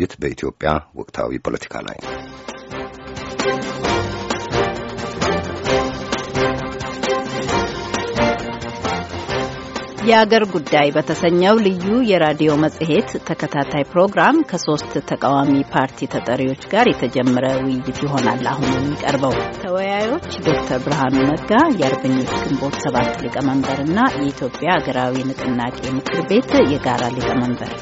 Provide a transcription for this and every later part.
ውይይት በኢትዮጵያ ወቅታዊ ፖለቲካ ላይ የአገር ጉዳይ በተሰኘው ልዩ የራዲዮ መጽሔት ተከታታይ ፕሮግራም ከሶስት ተቃዋሚ ፓርቲ ተጠሪዎች ጋር የተጀመረ ውይይት ይሆናል አሁን የሚቀርበው። ተወያዮች ዶክተር ብርሃኑ ነጋ የአርበኞች ግንቦት ሰባት ሊቀመንበርና የኢትዮጵያ አገራዊ ንቅናቄ ምክር ቤት የጋራ ሊቀመንበር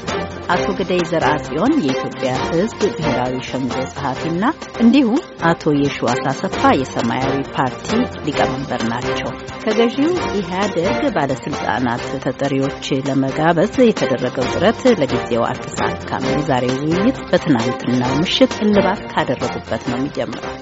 አቶ ግደይ ዘርአጽዮን የኢትዮጵያ ሕዝብ ብሔራዊ ሸንጎ ጸሐፊና እንዲሁም አቶ የሺዋስ አሰፋ የሰማያዊ ፓርቲ ሊቀመንበር ናቸው። ከገዢው ኢህአደግ ባለስልጣናት ተጠሪዎች ለመጋበዝ የተደረገው ጥረት ለጊዜው አልተሳካም። የዛሬው ውይይት በትናንትናው ምሽት እልባት ካደረጉበት ነው የሚጀምረው።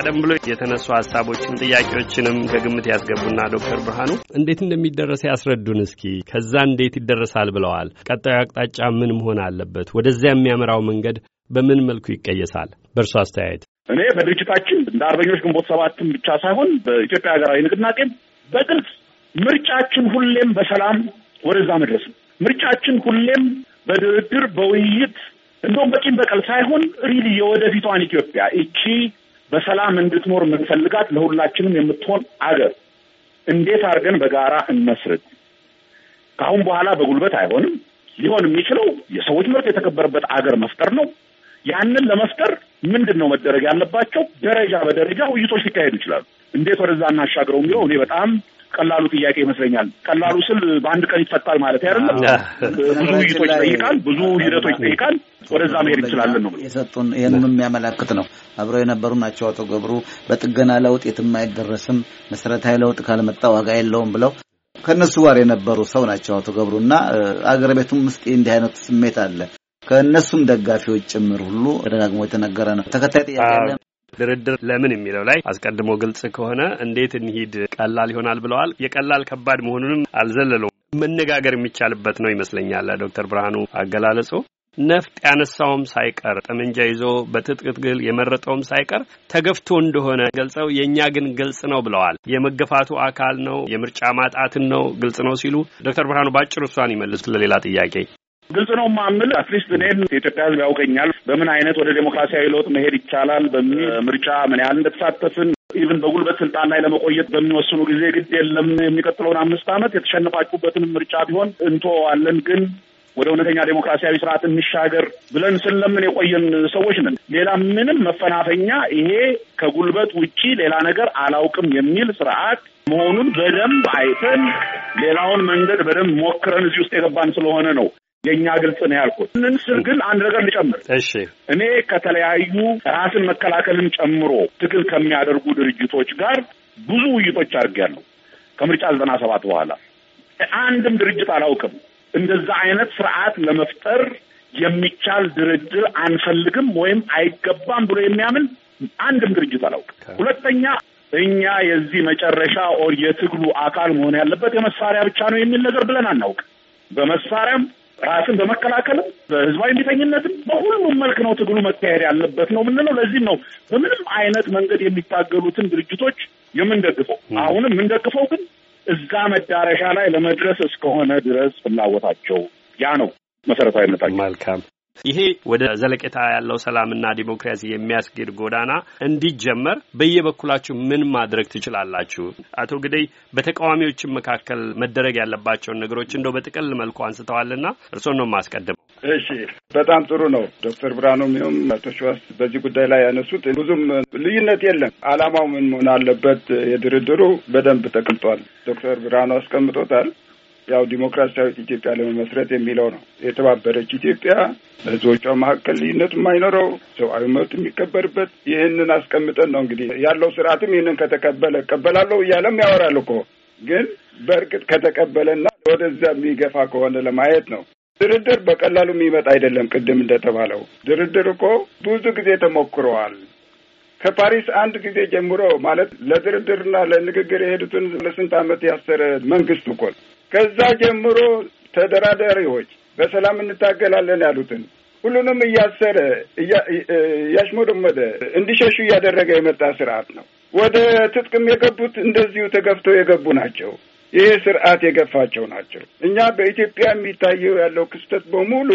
ቀደም ብሎ የተነሱ ሀሳቦችን ጥያቄዎችንም ከግምት ያስገቡና ዶክተር ብርሃኑ እንዴት እንደሚደረስ ያስረዱን። እስኪ ከዛ እንዴት ይደረሳል ብለዋል። ቀጣዩ አቅጣጫ ምን መሆን አለበት? ወደዚያ የሚያመራው መንገድ በምን መልኩ ይቀየሳል? በእርሱ አስተያየት። እኔ በድርጅታችን እንደ አርበኞች ግንቦት ሰባትም ብቻ ሳይሆን በኢትዮጵያ ሀገራዊ ንቅናቄም በግልጽ ምርጫችን ሁሌም በሰላም ወደዛ መድረስ ነው። ምርጫችን ሁሌም በድርድር በውይይት እንደውም በቂም በቀል ሳይሆን ሪሊ የወደፊቷን ኢትዮጵያ እቺ በሰላም እንድትኖር የምንፈልጋት ለሁላችንም የምትሆን አገር እንዴት አድርገን በጋራ እንመስርት። ከአሁን በኋላ በጉልበት አይሆንም። ሊሆን የሚችለው የሰዎች መብት የተከበረበት አገር መፍጠር ነው። ያንን ለመፍጠር ምንድን ነው መደረግ ያለባቸው? ደረጃ በደረጃ ውይይቶች ሊካሄዱ ይችላሉ። እንዴት ወደዛ እናሻግረው የሚለው እኔ በጣም ቀላሉ ጥያቄ ይመስለኛል። ቀላሉ ስል በአንድ ቀን ይፈታል ማለት አይደለም። ብዙ ውይይቶች ይጠይቃል፣ ብዙ ሂደቶች ይጠይቃል። ወደዛ መሄድ እንችላለን ነው የሰጡን። ይህንም የሚያመላክት ነው። አብረው የነበሩ ናቸው አቶ ገብሩ። በጥገና ለውጥ የትም አይደረስም፣ መሰረታዊ ለውጥ ካልመጣ ዋጋ የለውም ብለው ከእነሱ ጋር የነበሩ ሰው ናቸው አቶ ገብሩ እና አገር ቤቱም ውስጥ እንዲህ አይነት ስሜት አለ። ከእነሱም ደጋፊዎች ጭምር ሁሉ ተደጋግሞ የተነገረ ነው። ተከታይ ጥያቄ ድርድር ለምን የሚለው ላይ አስቀድሞ ግልጽ ከሆነ እንዴት እንሂድ ቀላል ይሆናል ብለዋል። የቀላል ከባድ መሆኑንም አልዘለለውም። መነጋገር የሚቻልበት ነው ይመስለኛል። ዶክተር ብርሃኑ አገላለጾ ነፍጥ ያነሳውም ሳይቀር ጠመንጃ ይዞ በትጥቅ ትግል የመረጠውም ሳይቀር ተገፍቶ እንደሆነ ገልጸው የእኛ ግን ግልጽ ነው ብለዋል። የመገፋቱ አካል ነው፣ የምርጫ ማጣትን ነው፣ ግልጽ ነው ሲሉ ዶክተር ብርሃኑ ባጭሩ እሷን ይመልሱ ለሌላ ጥያቄ ግልጽ ነው ማምል አትሊስት እኔም የኢትዮጵያ ሕዝብ ያውቀኛል በምን አይነት ወደ ዴሞክራሲያዊ ለውጥ መሄድ ይቻላል በሚል ምርጫ ምን ያህል እንደተሳተፍን ኢቭን በጉልበት ስልጣን ላይ ለመቆየት በሚወስኑ ጊዜ ግድ የለም የሚቀጥለውን አምስት ዓመት የተሸነፋችሁበትንም ምርጫ ቢሆን አለን ግን ወደ እውነተኛ ዴሞክራሲያዊ ስርዓት እንሻገር ብለን ስለምን የቆየን ሰዎች ነን። ሌላ ምንም መፈናፈኛ ይሄ ከጉልበት ውጪ ሌላ ነገር አላውቅም የሚል ስርዓት መሆኑን በደንብ አይተን ሌላውን መንገድ በደንብ ሞክረን እዚህ ውስጥ የገባን ስለሆነ ነው። የእኛ ግልጽ ነው ያልኩት። ይህንን ስል ግን አንድ ነገር ልጨምር። እሺ፣ እኔ ከተለያዩ ራስን መከላከልን ጨምሮ ትግል ከሚያደርጉ ድርጅቶች ጋር ብዙ ውይይቶች አድርጌያለሁ። ከምርጫ ዘጠና ሰባት በኋላ አንድም ድርጅት አላውቅም እንደዛ አይነት ስርዓት ለመፍጠር የሚቻል ድርድር አንፈልግም ወይም አይገባም ብሎ የሚያምን አንድም ድርጅት አላውቅም። ሁለተኛ እኛ የዚህ መጨረሻ ኦር የትግሉ አካል መሆን ያለበት የመሳሪያ ብቻ ነው የሚል ነገር ብለን አናውቅ። በመሳሪያም ራስን በመከላከልም በህዝባዊ እምቢተኝነትም በሁሉም መልክ ነው ትግሉ መካሄድ ያለበት ነው የምንለው። ለዚህም ነው በምንም አይነት መንገድ የሚታገሉትን ድርጅቶች የምንደግፈው። አሁንም የምንደግፈው ግን እዛ መዳረሻ ላይ ለመድረስ እስከሆነ ድረስ ፍላጎታቸው ያ ነው መሰረታዊ እምነታቸው። መልካም ይሄ ወደ ዘለቄታ ያለው ሰላምና ዲሞክራሲ የሚያስጌድ ጎዳና እንዲጀመር በየበኩላችሁ ምን ማድረግ ትችላላችሁ? አቶ ግደይ በተቃዋሚዎችን መካከል መደረግ ያለባቸውን ነገሮች እንደው በጥቅል መልኩ አንስተዋልና እርስዎን ነው የማስቀድመው። እሺ፣ በጣም ጥሩ ነው። ዶክተር ብርሃኑ ሚሁም አቶ ሸዋስ በዚህ ጉዳይ ላይ ያነሱት ብዙም ልዩነት የለም። አላማው ምን መሆን አለበት የድርድሩ በደንብ ተቀምጧል። ዶክተር ብርሃኑ አስቀምጦታል። ያው ዲሞክራሲያዊት ኢትዮጵያ ለመመስረት የሚለው ነው። የተባበረች ኢትዮጵያ በህዝቦቿ መካከል ልዩነት የማይኖረው ሰብአዊ መብት የሚከበርበት ይህንን አስቀምጠን ነው እንግዲህ ያለው ስርዓትም ይህንን ከተቀበለ እቀበላለሁ እያለም ያወራል እኮ ግን በእርግጥ ከተቀበለና ወደዛ የሚገፋ ከሆነ ለማየት ነው። ድርድር በቀላሉ የሚመጣ አይደለም። ቅድም እንደተባለው ድርድር እኮ ብዙ ጊዜ ተሞክረዋል። ከፓሪስ አንድ ጊዜ ጀምሮ ማለት ለድርድርና ለንግግር የሄዱትን ለስንት ዓመት ያሰረ መንግስት እኮ ከዛ ጀምሮ ተደራዳሪዎች በሰላም እንታገላለን ያሉትን ሁሉንም እያሰረ እያሽሞደመደ እንዲሸሹ እያደረገ የመጣ ስርዓት ነው። ወደ ትጥቅም የገቡት እንደዚሁ ተገፍተው የገቡ ናቸው። ይሄ ስርዓት የገፋቸው ናቸው። እኛ በኢትዮጵያ የሚታየው ያለው ክስተት በሙሉ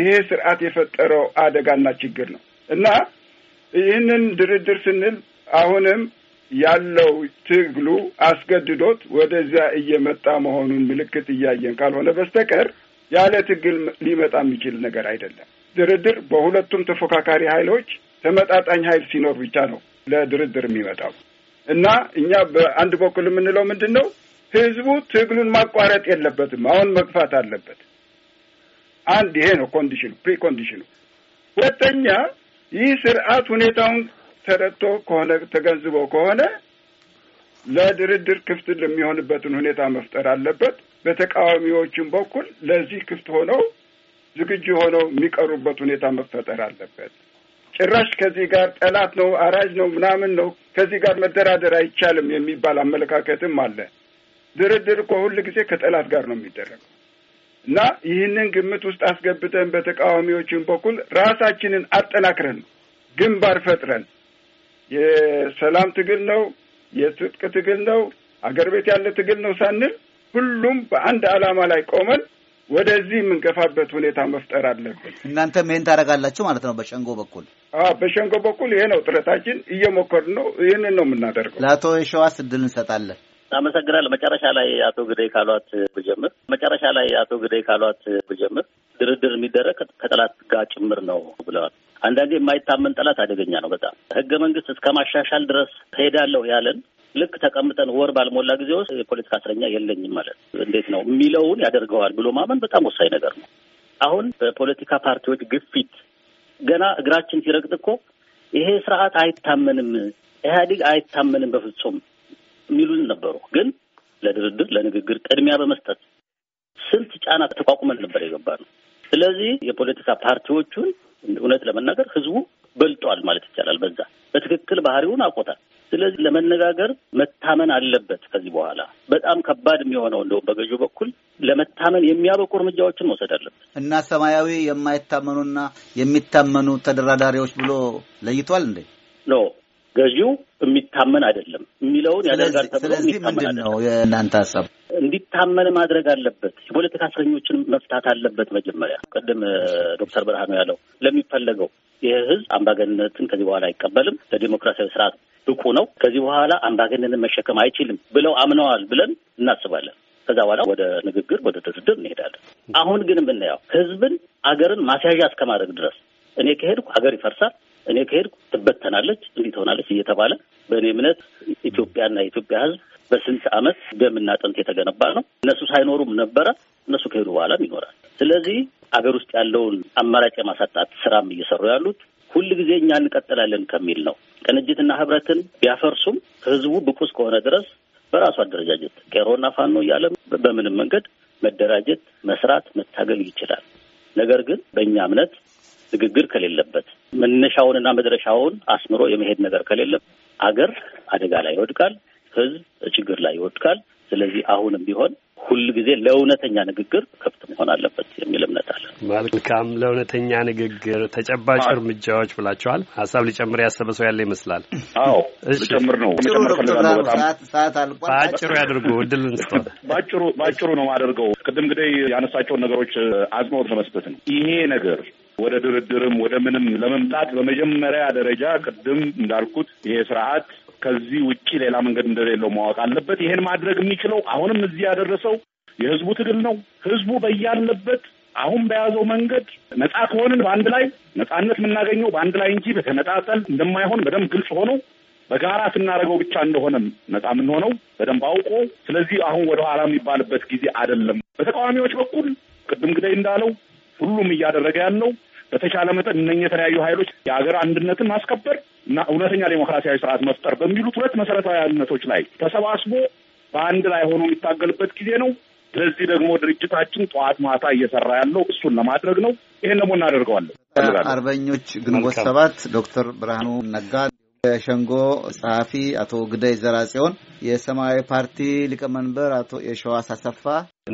ይሄ ስርዓት የፈጠረው አደጋና ችግር ነው እና ይህንን ድርድር ስንል አሁንም ያለው ትግሉ አስገድዶት ወደዚያ እየመጣ መሆኑን ምልክት እያየን ካልሆነ በስተቀር ያለ ትግል ሊመጣ የሚችል ነገር አይደለም። ድርድር በሁለቱም ተፎካካሪ ኃይሎች ተመጣጣኝ ኃይል ሲኖር ብቻ ነው ለድርድር የሚመጣው እና እኛ በአንድ በኩል የምንለው ምንድን ነው? ህዝቡ ትግሉን ማቋረጥ የለበትም፣ አሁን መግፋት አለበት። አንድ ይሄ ነው ኮንዲሽኑ፣ ፕሪ ኮንዲሽኑ። ሁለተኛ ይህ ስርዓት ሁኔታውን ተረድቶ ከሆነ ተገንዝቦ ከሆነ ለድርድር ክፍት የሚሆንበትን ሁኔታ መፍጠር አለበት። በተቃዋሚዎችም በኩል ለዚህ ክፍት ሆነው ዝግጁ ሆነው የሚቀሩበት ሁኔታ መፈጠር አለበት። ጭራሽ ከዚህ ጋር ጠላት ነው፣ አራጅ ነው፣ ምናምን ነው፣ ከዚህ ጋር መደራደር አይቻልም የሚባል አመለካከትም አለ። ድርድር እኮ ሁል ጊዜ ከጠላት ጋር ነው የሚደረገው እና ይህንን ግምት ውስጥ አስገብተን በተቃዋሚዎችን በኩል ራሳችንን አጠናክረን ግንባር ፈጥረን የሰላም ትግል ነው፣ የትጥቅ ትግል ነው፣ አገር ቤት ያለ ትግል ነው ሳንል ሁሉም በአንድ ዓላማ ላይ ቆመን ወደዚህ የምንገፋበት ሁኔታ መፍጠር አለብን። እናንተም ይህን ታደርጋላችሁ ማለት ነው። በሸንጎ በኩል በሸንጎ በኩል ይሄ ነው ጥረታችን፣ እየሞከርን ነው። ይህንን ነው የምናደርገው። ለአቶ የሸዋስ እድል እንሰጣለን። አመሰግናለሁ። መጨረሻ ላይ አቶ ግዴ ካሏት ብጀምር መጨረሻ ላይ አቶ ግዴ ካሏት ብጀምር ድርድር የሚደረግ ከጠላት ጋር ጭምር ነው ብለዋል። አንዳንዴ የማይታመን ጠላት አደገኛ ነው በጣም ህገ መንግስት እስከ ማሻሻል ድረስ ሄዳለሁ ያለን ልክ ተቀምጠን ወር ባልሞላ ጊዜ ውስጥ የፖለቲካ እስረኛ የለኝም ማለት እንዴት ነው የሚለውን ያደርገዋል ብሎ ማመን በጣም ወሳኝ ነገር ነው። አሁን በፖለቲካ ፓርቲዎች ግፊት ገና እግራችን ሲረግጥ እኮ ይሄ ስርዓት አይታመንም፣ ኢህአዴግ አይታመንም በፍጹም የሚሉን ነበሩ። ግን ለድርድር ለንግግር ቅድሚያ በመስጠት ስንት ጫና ተቋቁመን ነበር የገባ ነው። ስለዚህ የፖለቲካ ፓርቲዎቹን እውነት ለመናገር ህዝቡ በልጧል ማለት ይቻላል። በዛ በትክክል ባህሪውን አውቆታል። ስለዚህ ለመነጋገር መታመን አለበት። ከዚህ በኋላ በጣም ከባድ የሚሆነው እንደውም በገዢው በኩል ለመታመን የሚያበቁ እርምጃዎችን መውሰድ አለበት እና ሰማያዊ የማይታመኑና የሚታመኑ ተደራዳሪዎች ብሎ ለይቷል እንዴ? ኖ ገዢው የሚታመን አይደለም የሚለውን ያደርጋል ተብሎ ምንድን ነው የእናንተ ሀሳብ? እንዲታመን ማድረግ አለበት። የፖለቲካ እስረኞችን መፍታት አለበት። መጀመሪያ ቅድም ዶክተር ብርሃኑ ያለው ለሚፈለገው ይህ ህዝብ አንባገነትን ከዚህ በኋላ አይቀበልም፣ ለዲሞክራሲያዊ ስርዓት ብቁ ነው፣ ከዚህ በኋላ አምባገነንን መሸከም አይችልም ብለው አምነዋል ብለን እናስባለን። ከዛ በኋላ ወደ ንግግር ወደ ድርድር እንሄዳለን። አሁን ግን የምናየው ህዝብን አገርን ማስያዣ እስከማድረግ ድረስ እኔ ከሄድኩ ሀገር ይፈርሳል፣ እኔ ከሄድኩ ትበተናለች፣ እንዲህ ትሆናለች እየተባለ በእኔ እምነት ኢትዮጵያና የኢትዮጵያ ሕዝብ በስንት ዓመት ደምና አጥንት የተገነባ ነው። እነሱ ሳይኖሩም ነበረ፣ እነሱ ከሄዱ በኋላም ይኖራል። ስለዚህ አገር ውስጥ ያለውን አማራጭ የማሳጣት ስራም እየሰሩ ያሉት ሁል ጊዜ እኛ እንቀጥላለን ከሚል ነው። ቅንጅትና ህብረትን ቢያፈርሱም ህዝቡ ብቁ እስከሆነ ድረስ በራሱ አደረጃጀት ቄሮና ፋኖ እያለ በምንም መንገድ መደራጀት፣ መስራት፣ መታገል ይችላል። ነገር ግን በእኛ እምነት ንግግር ከሌለበት መነሻውንና መድረሻውን አስምሮ የመሄድ ነገር ከሌለም አገር አደጋ ላይ ይወድቃል፣ ህዝብ ችግር ላይ ይወድቃል። ስለዚህ አሁንም ቢሆን ሁል ጊዜ ለእውነተኛ ንግግር ክፍት መሆን አለበት የሚል እምነት አለ። መልካም ለእውነተኛ ንግግር ተጨባጭ እርምጃዎች ብላቸዋል። ሀሳብ ሊጨምር ያሰበ ሰው ያለ ይመስላል። አዎ ሊጨምር ነው። በአጭሩ ያድርጉ እድል እንስጠው። በአጭሩ ነው የማደርገው። ቅድም እንግዲህ ያነሳቸውን ነገሮች አጽንኦት ለመስጠት ነው ይሄ ነገር ወደ ድርድርም ወደ ምንም ለመምጣት በመጀመሪያ ደረጃ ቅድም እንዳልኩት ይሄ ስርዓት ከዚህ ውጪ ሌላ መንገድ እንደሌለው ማወቅ አለበት። ይሄን ማድረግ የሚችለው አሁንም እዚህ ያደረሰው የህዝቡ ትግል ነው። ህዝቡ በያለበት አሁን በያዘው መንገድ ነጻ ከሆንን በአንድ ላይ ነጻነት የምናገኘው በአንድ ላይ እንጂ በተነጣጠል እንደማይሆን በደንብ ግልጽ ሆኖ በጋራ ስናደርገው ብቻ እንደሆነም ነጻ የምንሆነው በደንብ አውቆ፣ ስለዚህ አሁን ወደ ኋላ የሚባልበት ጊዜ አይደለም። በተቃዋሚዎች በኩል ቅድም ግዳይ እንዳለው ሁሉም እያደረገ ያለው በተቻለ መጠን እነኝህ የተለያዩ ኃይሎች የሀገር አንድነትን ማስከበር እና እውነተኛ ዴሞክራሲያዊ ስርዓት መፍጠር በሚሉት ሁለት መሰረታዊ አንድነቶች ላይ ተሰባስቦ በአንድ ላይ ሆኖ የሚታገልበት ጊዜ ነው። ስለዚህ ደግሞ ድርጅታችን ጠዋት ማታ እየሰራ ያለው እሱን ለማድረግ ነው። ይህን ደግሞ እናደርገዋለን። አርበኞች ግንቦት ሰባት ዶክተር ብርሃኑ ነጋ የሸንጎ ጸሐፊ አቶ ግዳይ ዘራጽዮን፣ የሰማያዊ ፓርቲ ሊቀመንበር አቶ የሸዋስ አሰፋ።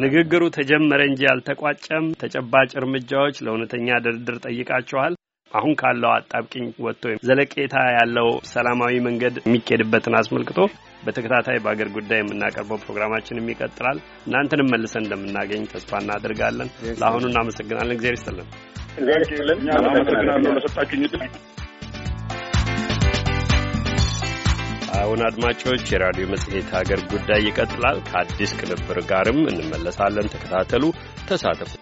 ንግግሩ ተጀመረ እንጂ አልተቋጨም። ተጨባጭ እርምጃዎች ለእውነተኛ ድርድር ጠይቃችኋል። አሁን ካለው አጣብቂኝ ወጥቶ ዘለቄታ ያለው ሰላማዊ መንገድ የሚኬድበትን አስመልክቶ በተከታታይ በአገር ጉዳይ የምናቀርበው ፕሮግራማችንም ይቀጥላል። እናንተንም መልሰን እንደምናገኝ ተስፋ እናደርጋለን። ለአሁኑ እናመሰግናለን። እግዚአብሔር ይስጥልን። እግዚአብሔር ይስጥልን። እናመሰግናለሁ ለሰጣችሁኝ አሁን አድማጮች የራዲዮ መጽሔት ሀገር ጉዳይ ይቀጥላል። ከአዲስ ቅንብር ጋርም እንመለሳለን። ተከታተሉ፣ ተሳተፉ።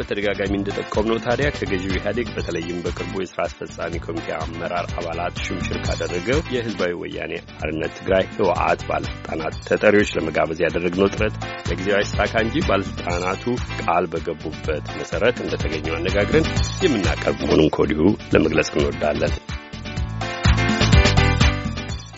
በተደጋጋሚ እንደጠቆም ነው ታዲያ ከገዢው ኢህአዴግ በተለይም በቅርቡ የስራ አስፈጻሚ ኮሚቴ አመራር አባላት ሹምሽር ካደረገው የህዝባዊ ወያኔ አርነት ትግራይ ህወአት ባለስልጣናት ተጠሪዎች ለመጋበዝ ያደረግነው ጥረት ለጊዜው አይሳካ እንጂ ባለስልጣናቱ ቃል በገቡበት መሰረት እንደተገኘው አነጋግረን የምናቀርብ መሆኑን ከወዲሁ ለመግለጽ እንወዳለን።